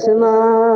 什么？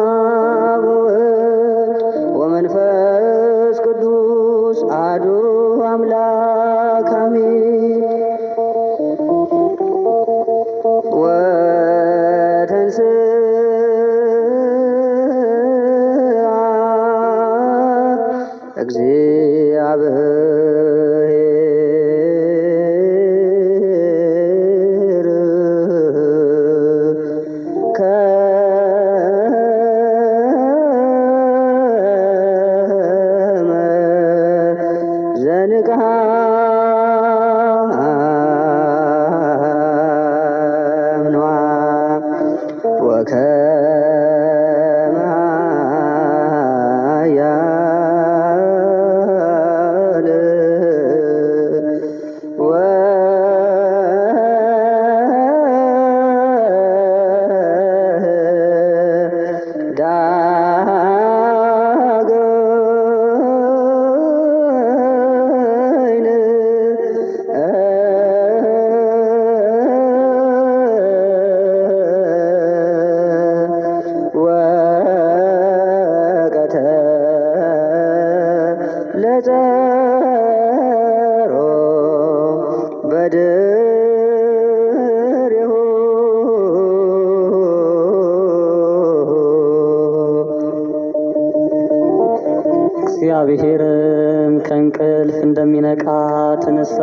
ተነሳ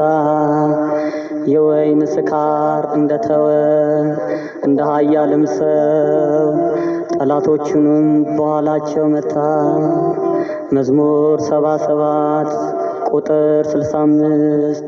የወይን ስካር እንደተወ እንደ ኃያልም ሰው ጠላቶቹንም በኋላቸው መታ። መዝሙር ሰባ ሰባት ቁጥር ስልሳ አምስት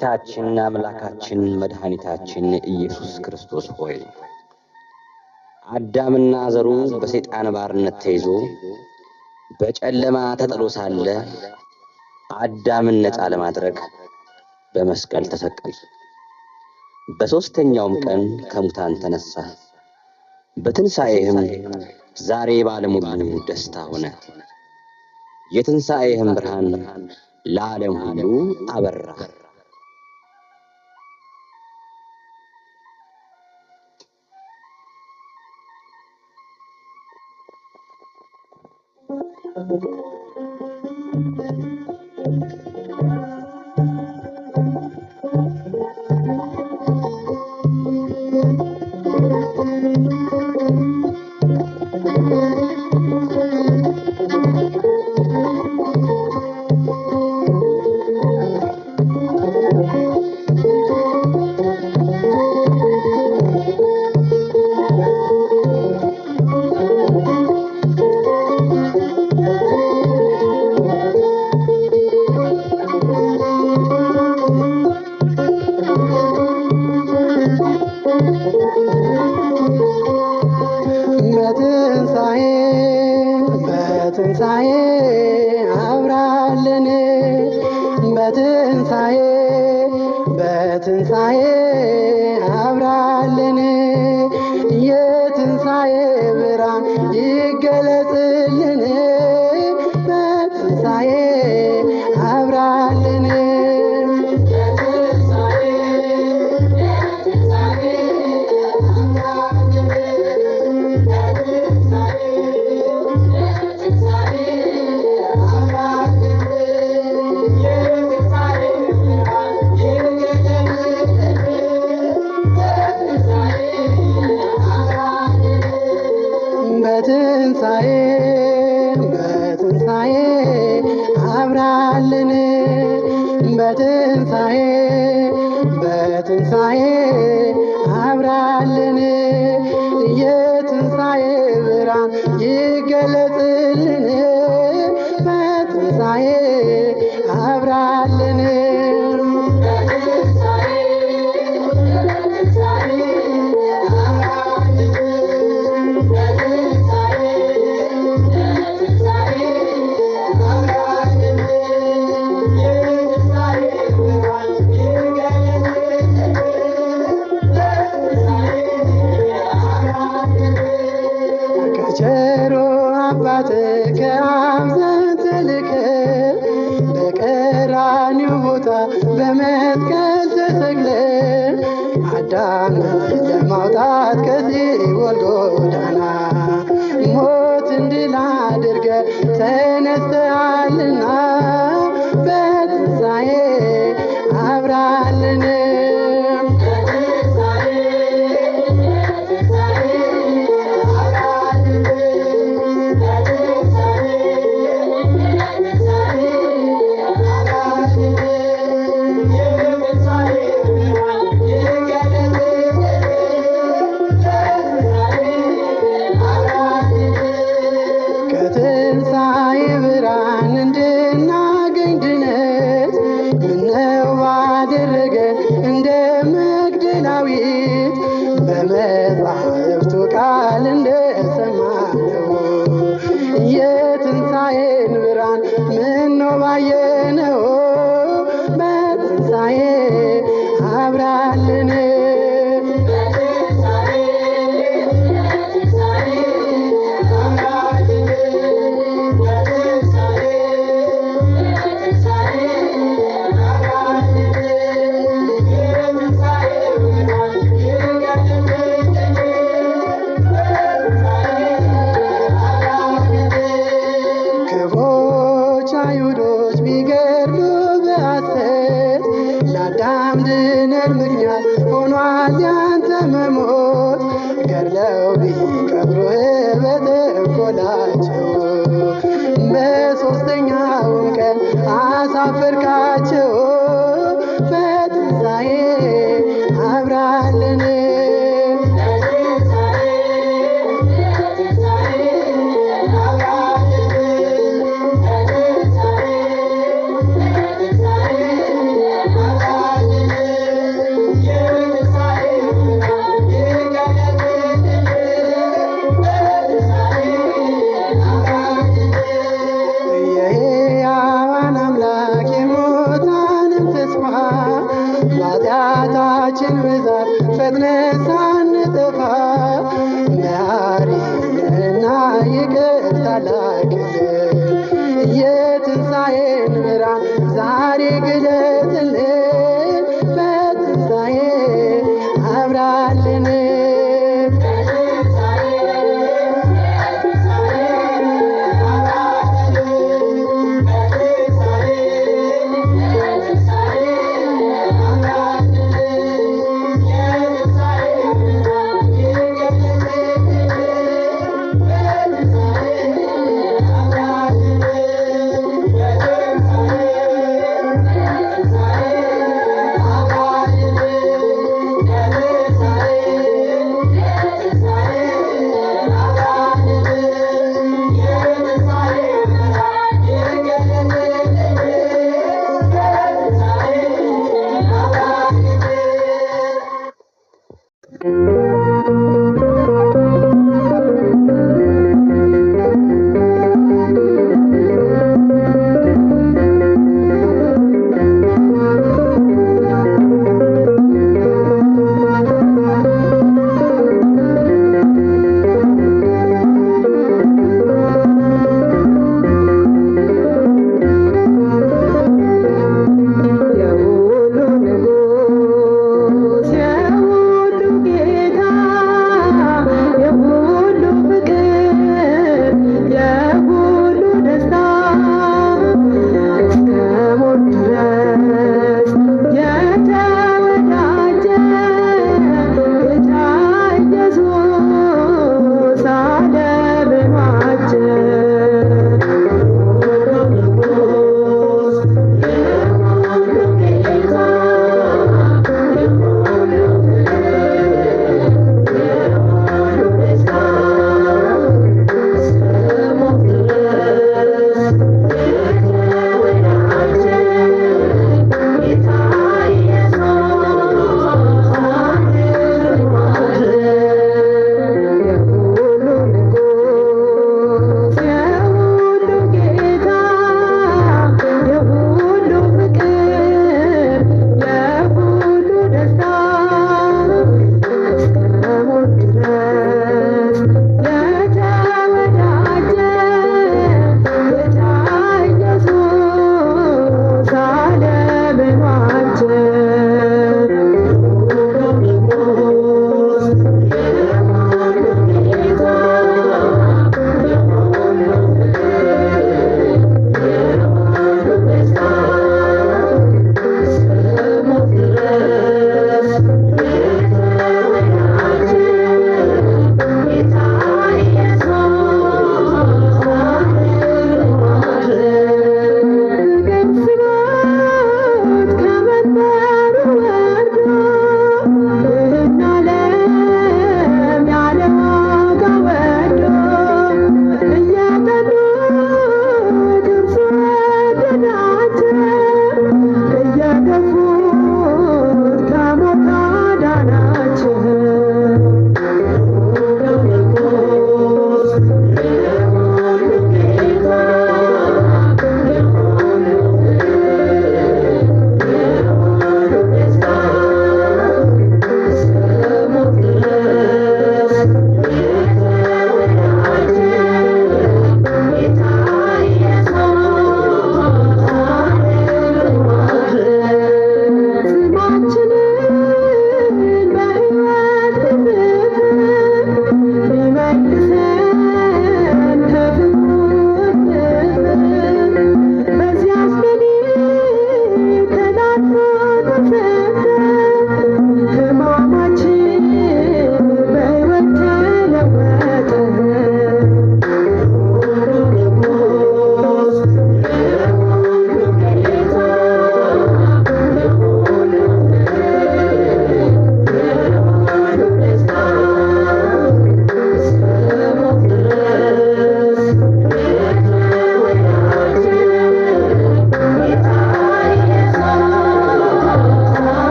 ጌታችንና አምላካችን መድኃኒታችን ኢየሱስ ክርስቶስ ሆይ አዳምና ዘሩ በሰይጣን ባርነት ተይዞ በጨለማ ተጥሎ ሳለ አዳምን ነፃ ለማድረግ በመስቀል ተሰቀል። በሦስተኛውም ቀን ከሙታን ተነሳ። በትንሣኤህም ዛሬ ባለሙሉ ደስታ ሆነ። የትንሣኤህም ብርሃን ለዓለም ሁሉ አበራ። Messiah Lord. የትንሣኤ ብርሃን ዛሬ